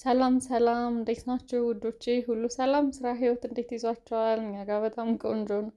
ሰላም ሰላም፣ እንዴት ናችሁ ውዶቼ? ሁሉ ሰላም፣ ስራ፣ ህይወት እንዴት ይዟችኋል? እኛ ጋር በጣም ቆንጆ ነው፣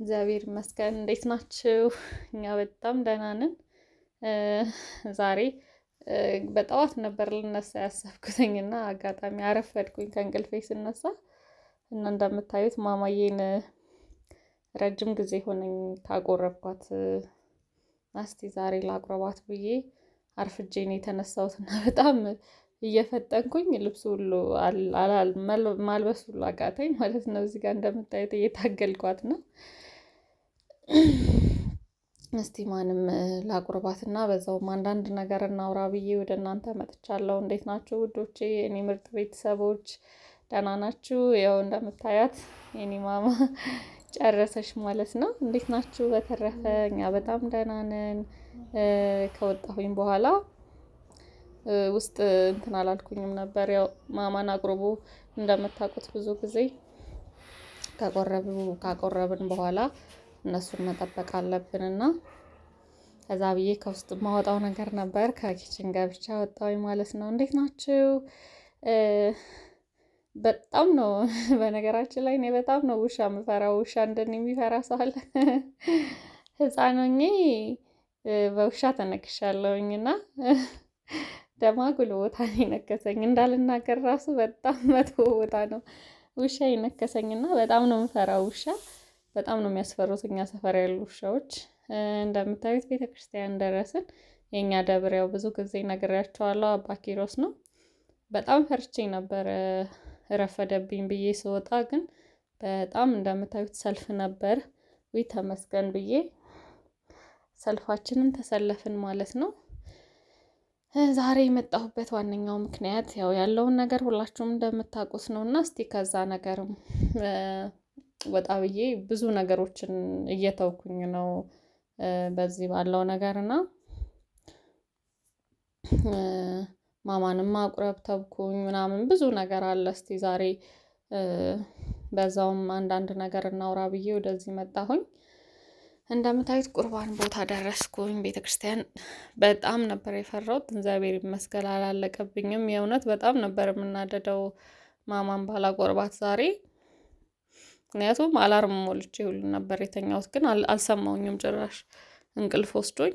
እግዚአብሔር ይመስገን። እንዴት ናችሁ? እኛ በጣም ደህና ነን። ዛሬ በጠዋት ነበር ልነሳ ያሰብኩትኝ እና አጋጣሚ አረፈድኩኝ ከእንቅልፌ ስነሳ እና እንደምታዩት ማማዬን ረጅም ጊዜ ሆነኝ ካቆረብኳት። እስቲ ዛሬ ላቁረባት ብዬ አርፍጄን የተነሳሁት እና በጣም እየፈጠንኩኝ ልብስ ሁሉ ማልበስ ሁሉ አቃተኝ ማለት ነው። እዚህ ጋር እንደምታዩት እየታገልኳት ነው። እስቲ ማንም ላቁርባትና በዛውም አንዳንድ ነገር እናውራ ብዬ ወደ እናንተ መጥቻለሁ። እንዴት ናችሁ ውዶቼ? እኔ ምርጥ ቤተሰቦች ደህና ናችሁ? ያው እንደምታያት የኔ ማማ ጨረሰሽ ማለት ነው። እንዴት ናችሁ? በተረፈ እኛ በጣም ደህና ነን። ከወጣሁኝ በኋላ ውስጥ እንትን አላልኩኝም ነበር። ያው ማማን አቅርቦ እንደምታውቁት ብዙ ጊዜ ከቆረቡ ካቆረብን በኋላ እነሱን መጠበቅ አለብን እና ከዛ ብዬ ከውስጥ ማወጣው ነገር ነበር። ከኪችን ገብቻ ወጣዊ ማለት ነው። እንዴት ናችሁ? በጣም ነው በነገራችን ላይ እኔ በጣም ነው ውሻ የምፈራው። ውሻ እንደኔ የሚፈራ ሰው አለ? በውሻ ተነክሻለሁኝ እና ደማጉል ቦታ ነው የነከሰኝ። እንዳልናገር ራሱ በጣም መጥፎ ቦታ ነው ውሻ የነከሰኝ እና በጣም ነው የምፈራው ውሻ። በጣም ነው የሚያስፈሩት እኛ ሰፈር ያሉ ውሻዎች። እንደምታዩት ቤተ ክርስቲያን ደረስን። የእኛ ደብር ያው ብዙ ጊዜ ነግሬያቸዋለሁ፣ አባ ኪሮስ ነው። በጣም ፈርቼ ነበር ረፈደብኝ ብዬ ስወጣ፣ ግን በጣም እንደምታዩት ሰልፍ ነበር። ዊ ተመስገን ብዬ ሰልፋችንን ተሰለፍን ማለት ነው። ዛሬ የመጣሁበት ዋነኛው ምክንያት ያው ያለውን ነገር ሁላችሁም እንደምታውቁት ነው እና እስቲ ከዛ ነገርም ወጣ ብዬ ብዙ ነገሮችን እየተውኩኝ ነው በዚህ ባለው ነገር እና ማማንም ማቁረብ ተብኩኝ ምናምን ብዙ ነገር አለ። እስቲ ዛሬ በዛውም አንዳንድ ነገር እናውራ ብዬ ወደዚህ መጣሁኝ። እንደምታዩት ቁርባን ቦታ ደረስኩኝ። ቤተክርስቲያን በጣም ነበር የፈራሁት። እግዚአብሔር ይመስገን አላለቀብኝም። የእውነት በጣም ነበር የምናደደው ማማን ባላ ቆርባት ዛሬ ምክንያቱም አላርም ሞልቼ ሁሉ ነበር የተኛሁት፣ ግን አልሰማውኝም ጭራሽ እንቅልፍ ወስዶኝ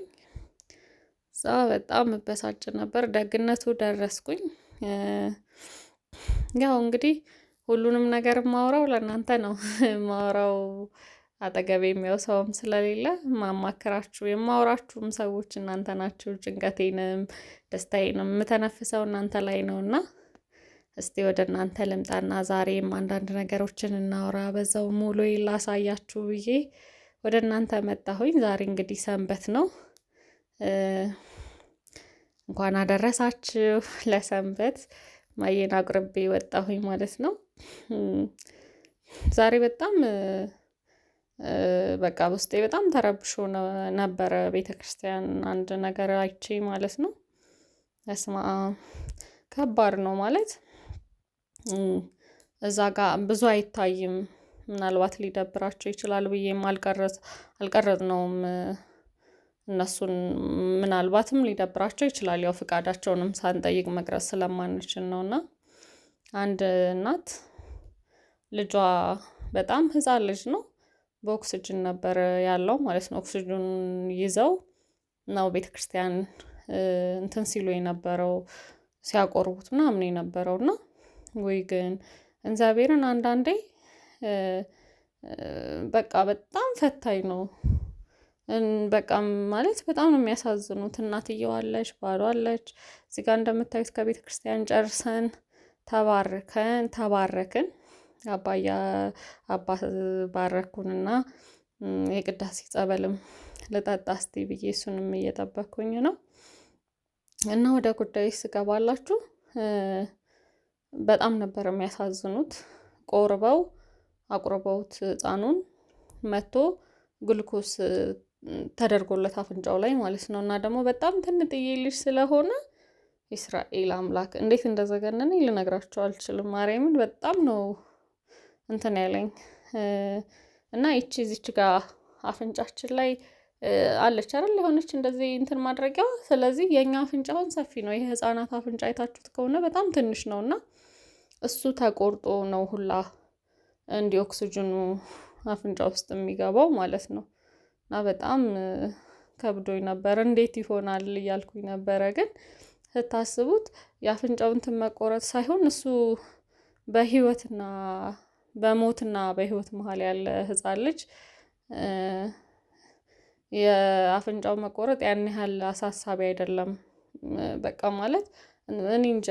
እዛ በጣም እበሳጭ ነበር። ደግነቱ ደረስኩኝ። ያው እንግዲህ ሁሉንም ነገር ማውራው ለእናንተ ነው ማውራው አጠገብ የሚያው ሰውም ስለሌለ ማማከራችሁ የማወራችሁም ሰዎች እናንተ ናችሁ። ጭንቀቴንም ደስታዬንም የምተነፍሰው እናንተ ላይ ነው እና እስቲ ወደ እናንተ ልምጣና ዛሬም አንዳንድ ነገሮችን እናውራ በዛው ሙሉ ላሳያችሁ ብዬ ወደ እናንተ መጣሁኝ። ዛሬ እንግዲህ ሰንበት ነው። እንኳን አደረሳችሁ ለሰንበት። ማየን አቁርቤ ወጣሁኝ ማለት ነው። ዛሬ በጣም በቃ በውስጤ በጣም ተረብሾ ነበረ ቤተክርስቲያን አንድ ነገር አይቼ ማለት ነው። ስማ ከባድ ነው ማለት እዛ ጋ ብዙ አይታይም ምናልባት ሊደብራቸው ይችላል ብዬም አልቀረጽ ነውም እነሱን ምናልባትም ሊደብራቸው ይችላል ያው ፍቃዳቸውንም ሳንጠይቅ መቅረጽ ስለማንችል ነው። እና አንድ እናት ልጇ በጣም ህፃን ልጅ ነው በኦክስጅን ነበር ያለው ማለት ነው። ኦክስጅኑን ይዘው ነው ቤተ ክርስቲያን እንትን ሲሉ የነበረው ሲያቆርቡት ምናምን የነበረው እና ወይ ግን እግዚአብሔርን አንዳንዴ በቃ በጣም ፈታኝ ነው። በቃ ማለት በጣም ነው የሚያሳዝኑት። እናትየዋ አለች፣ እዚጋ እንደምታዩት ከቤተ ክርስቲያን ጨርሰን ተባርከን ተባረክን አባያ አባ ባረኩንና የቅዳሴ ጸበልም ልጠጣ እስቲ ብዬ እሱንም እየጠበኩኝ ነው። እና ወደ ጉዳይ ስገባላችሁ በጣም ነበር የሚያሳዝኑት። ቆርበው አቁርበውት ህፃኑን መቶ ግልኮስ ተደርጎለት አፍንጫው ላይ ማለት ነው። እና ደግሞ በጣም ትንጥዬ ልጅ ስለሆነ እስራኤል አምላክ እንዴት እንደዘገነነ ልነግራቸው አልችልም። ማርያምን በጣም ነው እንትን ያለኝ እና ይቺ ዚች ጋር አፍንጫችን ላይ አለች አይደል የሆነች እንደዚህ እንትን ማድረጊያ። ስለዚህ የእኛ አፍንጫውን ሰፊ ነው። የህፃናት አፍንጫ አይታችሁት ከሆነ በጣም ትንሽ ነው እና እሱ ተቆርጦ ነው ሁላ እንዲህ ኦክስጅኑ አፍንጫ ውስጥ የሚገባው ማለት ነው። እና በጣም ከብዶኝ ነበረ። እንዴት ይሆናል እያልኩኝ ነበረ። ግን ስታስቡት የአፍንጫው እንትን መቆረጥ ሳይሆን እሱ በህይወትና በሞትና በህይወት መሀል ያለ ህፃን ልጅ የአፍንጫው መቆረጥ ያን ያህል አሳሳቢ አይደለም። በቃ ማለት እኔ እንጃ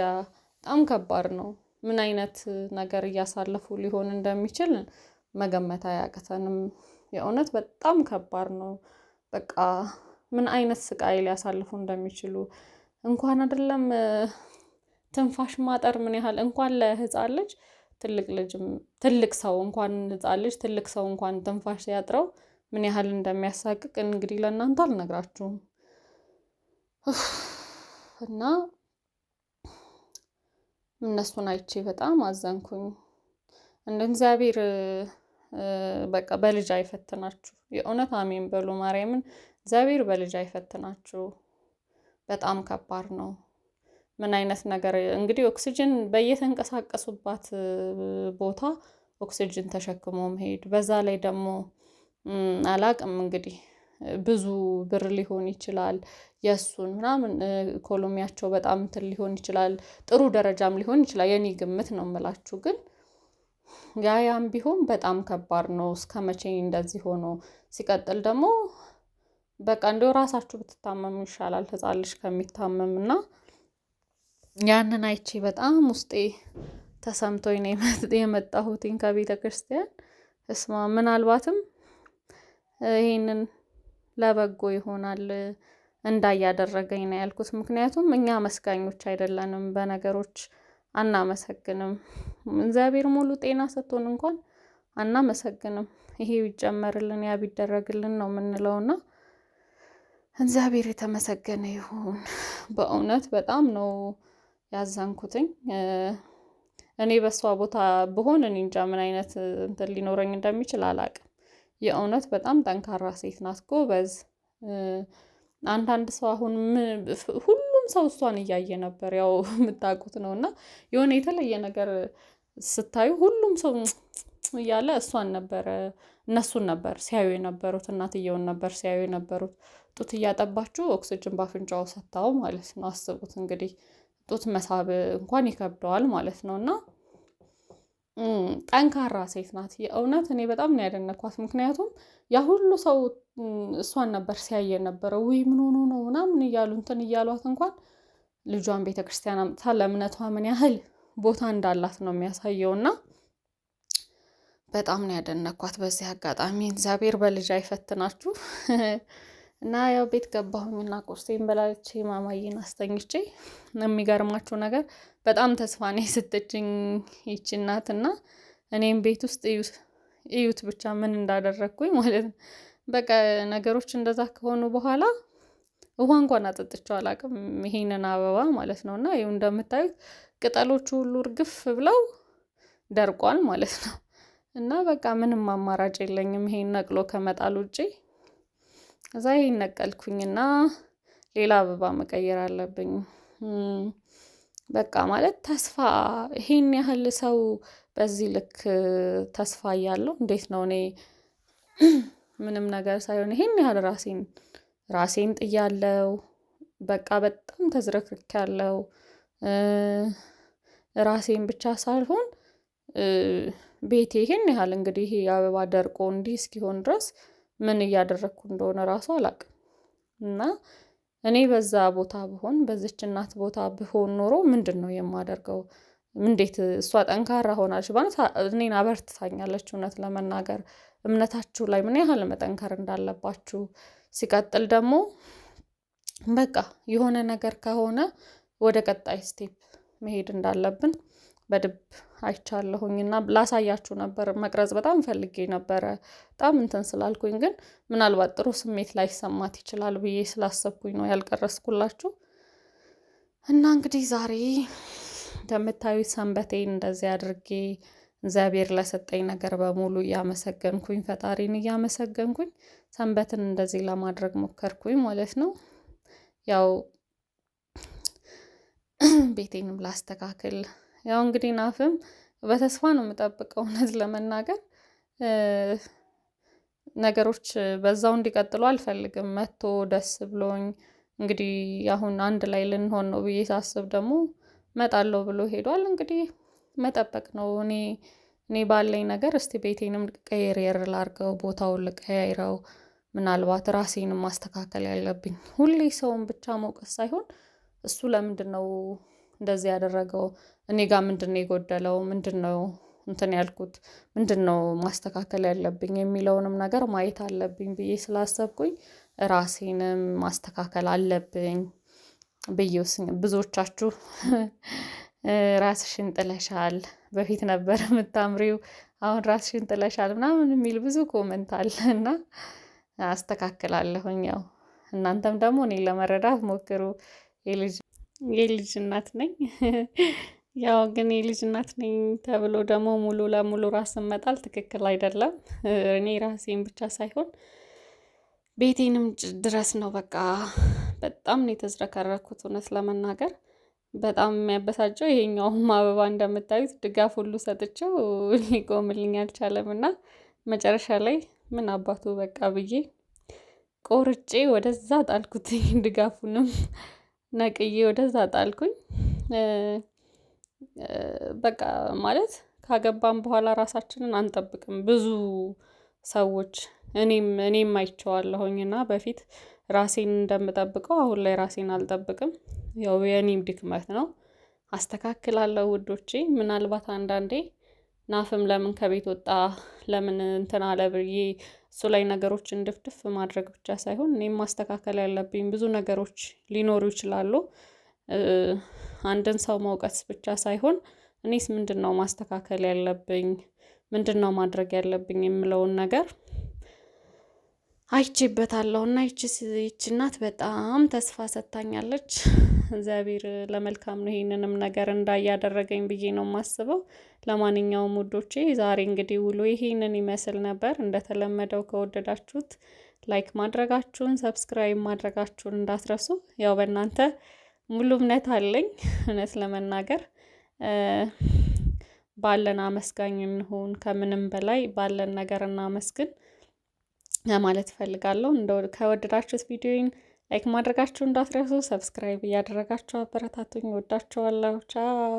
በጣም ከባድ ነው። ምን አይነት ነገር እያሳለፉ ሊሆን እንደሚችል መገመት አያቅተንም። የእውነት በጣም ከባድ ነው። በቃ ምን አይነት ስቃይ ሊያሳልፉ እንደሚችሉ እንኳን አይደለም ትንፋሽ ማጠር ምን ያህል እንኳን ለህፃን ልጅ ትልቅ ልጅም ትልቅ ሰው እንኳን ሕፃን ልጅ ትልቅ ሰው እንኳን ትንፋሽ ሲያጥረው ምን ያህል እንደሚያሳቅቅ እንግዲህ ለእናንተ አልነግራችሁም። እና እነሱን አይቼ በጣም አዘንኩኝ። እንደ እግዚአብሔር በቃ በልጅ አይፈትናችሁ። የእውነት አሜን በሉ ማርያምን። እግዚአብሔር በልጅ አይፈትናችሁ። በጣም ከባድ ነው። ምን አይነት ነገር እንግዲህ ኦክሲጅን በየተንቀሳቀሱባት ቦታ ኦክሲጅን ተሸክሞ መሄድ፣ በዛ ላይ ደግሞ አላቅም እንግዲህ ብዙ ብር ሊሆን ይችላል የእሱን ምናምን ኢኮኖሚያቸው በጣም እንትን ሊሆን ይችላል፣ ጥሩ ደረጃም ሊሆን ይችላል። የኔ ግምት ነው የምላችሁ። ግን ያያም ቢሆን በጣም ከባድ ነው። እስከ መቼ እንደዚህ ሆኖ ሲቀጥል ደግሞ በቃ እንደው ራሳችሁ ብትታመሙ ይሻላል ህፃን ልጅ ከሚታመም እና ያንን አይቼ በጣም ውስጤ ተሰምቶኝ ነው የመጣሁትኝ ከቤተ ክርስቲያን። እስማ ምናልባትም ይሄንን ለበጎ ይሆናል እንዳያደረገኝ ነው ያልኩት። ምክንያቱም እኛ መስጋኞች አይደለንም፣ በነገሮች አናመሰግንም። እግዚአብሔር ሙሉ ጤና ሰጥቶን እንኳን አናመሰግንም። ይሄ ቢጨመርልን ያ ቢደረግልን ነው የምንለውና እግዚአብሔር የተመሰገነ ይሁን። በእውነት በጣም ነው ያዘንኩትኝ። እኔ በእሷ ቦታ ብሆን እኔ እንጃ ምን አይነት እንትን ሊኖረኝ እንደሚችል አላቅም የእውነት በጣም ጠንካራ ሴት ናት ጎበዝ። አንዳንድ ሰው አሁን ሁሉም ሰው እሷን እያየ ነበር፣ ያው የምታውቁት ነው። እና የሆነ የተለየ ነገር ስታዩ ሁሉም ሰው እያለ እሷን ነበረ እነሱን ነበር ሲያዩ የነበሩት፣ እናትየውን ነበር ሲያዩ የነበሩት። ጡት እያጠባችሁ ኦክስጅን ባፍንጫው ሰታው ማለት ነው። አስቡት እንግዲህ ጡት መሳብ እንኳን ይከብደዋል ማለት ነው። እና ጠንካራ ሴት ናት የእውነት እኔ በጣም ነው ያደነኳት። ምክንያቱም ያ ሁሉ ሰው እሷን ነበር ሲያየ ነበረ ውይ ምን ሆኖ ነው ምናምን እያሉ እንትን እያሏት እንኳን ልጇን ቤተ ክርስቲያን አምጥታ ለእምነቷ ምን ያህል ቦታ እንዳላት ነው የሚያሳየው እና በጣም ነው ያደነኳት። በዚህ አጋጣሚ እግዚአብሔር በልጅ አይፈትናችሁ። እና ያው ቤት ገባሁኝና ቁርሴን በላልቼ ማማዬን አስተኝቼ የሚገርማችሁ ነገር በጣም ተስፋ ነው የሰጠችኝ ይቺ እናት እና እኔም ቤት ውስጥ እዩት ብቻ ምን እንዳደረግኩኝ ማለት ነው። በቃ ነገሮች እንደዛ ከሆኑ በኋላ ውሃ እንኳን አጠጥቼው አላቅም ይሄንን አበባ ማለት ነው። እና ይኸው እንደምታዩት ቅጠሎቹ ሁሉ እርግፍ ብለው ደርቋል ማለት ነው። እና በቃ ምንም አማራጭ የለኝም ይሄን ነቅሎ ከመጣል ውጪ እዛ ይሄን ነቀልኩኝና ሌላ አበባ መቀየር አለብኝ። በቃ ማለት ተስፋ ይሄን ያህል ሰው በዚህ ልክ ተስፋ እያለው እንዴት ነው እኔ ምንም ነገር ሳይሆን ይሄን ያህል ራሴን ራሴን ጥያለው። በቃ በጣም ተዝረክርክ ያለው ራሴን ብቻ ሳልሆን ቤቴ ይሄን ያህል እንግዲህ ይሄ አበባ ደርቆ እንዲህ እስኪሆን ድረስ ምን እያደረግኩ እንደሆነ ራሱ አላቅ እና እኔ በዛ ቦታ ብሆን በዚች እናት ቦታ ብሆን ኖሮ ምንድን ነው የማደርገው? እንዴት እሷ ጠንካራ ሆናለች ማለት እኔን አበርትታኛለች። እውነት ለመናገር እምነታችሁ ላይ ምን ያህል መጠንከር እንዳለባችሁ ሲቀጥል ደግሞ በቃ የሆነ ነገር ከሆነ ወደ ቀጣይ ስቴፕ መሄድ እንዳለብን በድብ አይቻለሁኝ እና ላሳያችሁ ነበር። መቅረጽ በጣም ፈልጌ ነበረ። በጣም እንትን ስላልኩኝ ግን ምናልባት ጥሩ ስሜት ላይሰማት ይችላል ብዬ ስላሰብኩኝ ነው ያልቀረስኩላችሁ። እና እንግዲህ ዛሬ እንደምታዩት ሰንበቴን እንደዚህ አድርጌ እግዚአብሔር ለሰጠኝ ነገር በሙሉ እያመሰገንኩኝ ፈጣሪን እያመሰገንኩኝ ሰንበትን እንደዚህ ለማድረግ ሞከርኩኝ ማለት ነው። ያው ቤቴንም ላስተካክል ያው እንግዲህ ናፍም በተስፋ ነው የምጠብቀው እውነት ለመናገር ነገሮች በዛው እንዲቀጥሉ አልፈልግም። መጥቶ ደስ ብሎኝ እንግዲህ አሁን አንድ ላይ ልንሆን ነው ብዬ ሳስብ ደግሞ መጣለው ብሎ ሄዷል። እንግዲህ መጠበቅ ነው። እኔ እኔ ባለኝ ነገር እስቲ ቤቴንም ቀየር ላርገው፣ ቦታውን ልቀያይረው፣ ምናልባት ራሴንም ማስተካከል ያለብኝ ሁሌ ሰውን ብቻ መውቀስ ሳይሆን እሱ ለምንድን ነው እንደዚህ ያደረገው እኔ ጋር ምንድን ነው የጎደለው ምንድን ነው እንትን ያልኩት ምንድን ነው ማስተካከል ያለብኝ የሚለውንም ነገር ማየት አለብኝ ብዬ ስላሰብኩኝ ራሴንም ማስተካከል አለብኝ ብዬ ብዙዎቻችሁ ራስሽን ጥለሻል፣ በፊት ነበር የምታምሪው፣ አሁን ራስሽን ጥለሻል ምናምን የሚል ብዙ ኮመንት አለ እና አስተካክላለሁኝ። ያው እናንተም ደግሞ እኔ ለመረዳት ሞክሩ የልጅ የልጅ እናት ነኝ። ያው ግን የልጅ እናት ነኝ ተብሎ ደግሞ ሙሉ ለሙሉ ራስን መጣል ትክክል አይደለም። እኔ ራሴን ብቻ ሳይሆን ቤቴንም ድረስ ነው። በቃ በጣም ነው የተዝረከረኩት። እውነት ለመናገር በጣም የሚያበሳጨው ይሄኛውም አበባ እንደምታዩት ድጋፍ ሁሉ ሰጥቼው ሊቆምልኝ አልቻለም እና መጨረሻ ላይ ምን አባቱ በቃ ብዬ ቆርጬ ወደዛ ጣልኩትኝ ድጋፉንም ነቅዬ ወደዛ ጣልኩኝ። በቃ ማለት ካገባን በኋላ ራሳችንን አንጠብቅም። ብዙ ሰዎች እኔም እኔም አይቼዋለሁኝ እና በፊት ራሴን እንደምጠብቀው አሁን ላይ ራሴን አልጠብቅም። ያው የእኔም ድክመት ነው። አስተካክላለሁ ውዶቼ። ምናልባት አንዳንዴ ናፍም ለምን ከቤት ወጣ ለምን እንትን አለ ብዬ እሱ ላይ ነገሮችን ድፍድፍ ማድረግ ብቻ ሳይሆን እኔም ማስተካከል ያለብኝ ብዙ ነገሮች ሊኖሩ ይችላሉ። አንድን ሰው መውቀስ ብቻ ሳይሆን እኔስ ምንድን ነው ማስተካከል ያለብኝ፣ ምንድን ነው ማድረግ ያለብኝ የምለውን ነገር አይቼበታለሁ እና ይቺ እናት በጣም ተስፋ ሰጥታኛለች። እግዚአብሔር ለመልካም ነው ይሄንንም ነገር እንዳያደረገኝ ብዬ ነው የማስበው። ለማንኛውም ውዶቼ ዛሬ እንግዲህ ውሎ ይሄንን ይመስል ነበር። እንደተለመደው ከወደዳችሁት ላይክ ማድረጋችሁን፣ ሰብስክራይብ ማድረጋችሁን እንዳትረሱ። ያው በእናንተ ሙሉ እምነት አለኝ። እውነት ለመናገር ባለን አመስጋኝ እንሁን። ከምንም በላይ ባለን ነገር እናመስግን ለማለት እፈልጋለሁ። ከወደዳችሁት ቪዲዮን ላይክ ማድረጋችሁ እንዳትረሱ። ሰብስክራይብ እያደረጋችሁ አበረታቱኝ። ወዳችኋለሁ። ቻው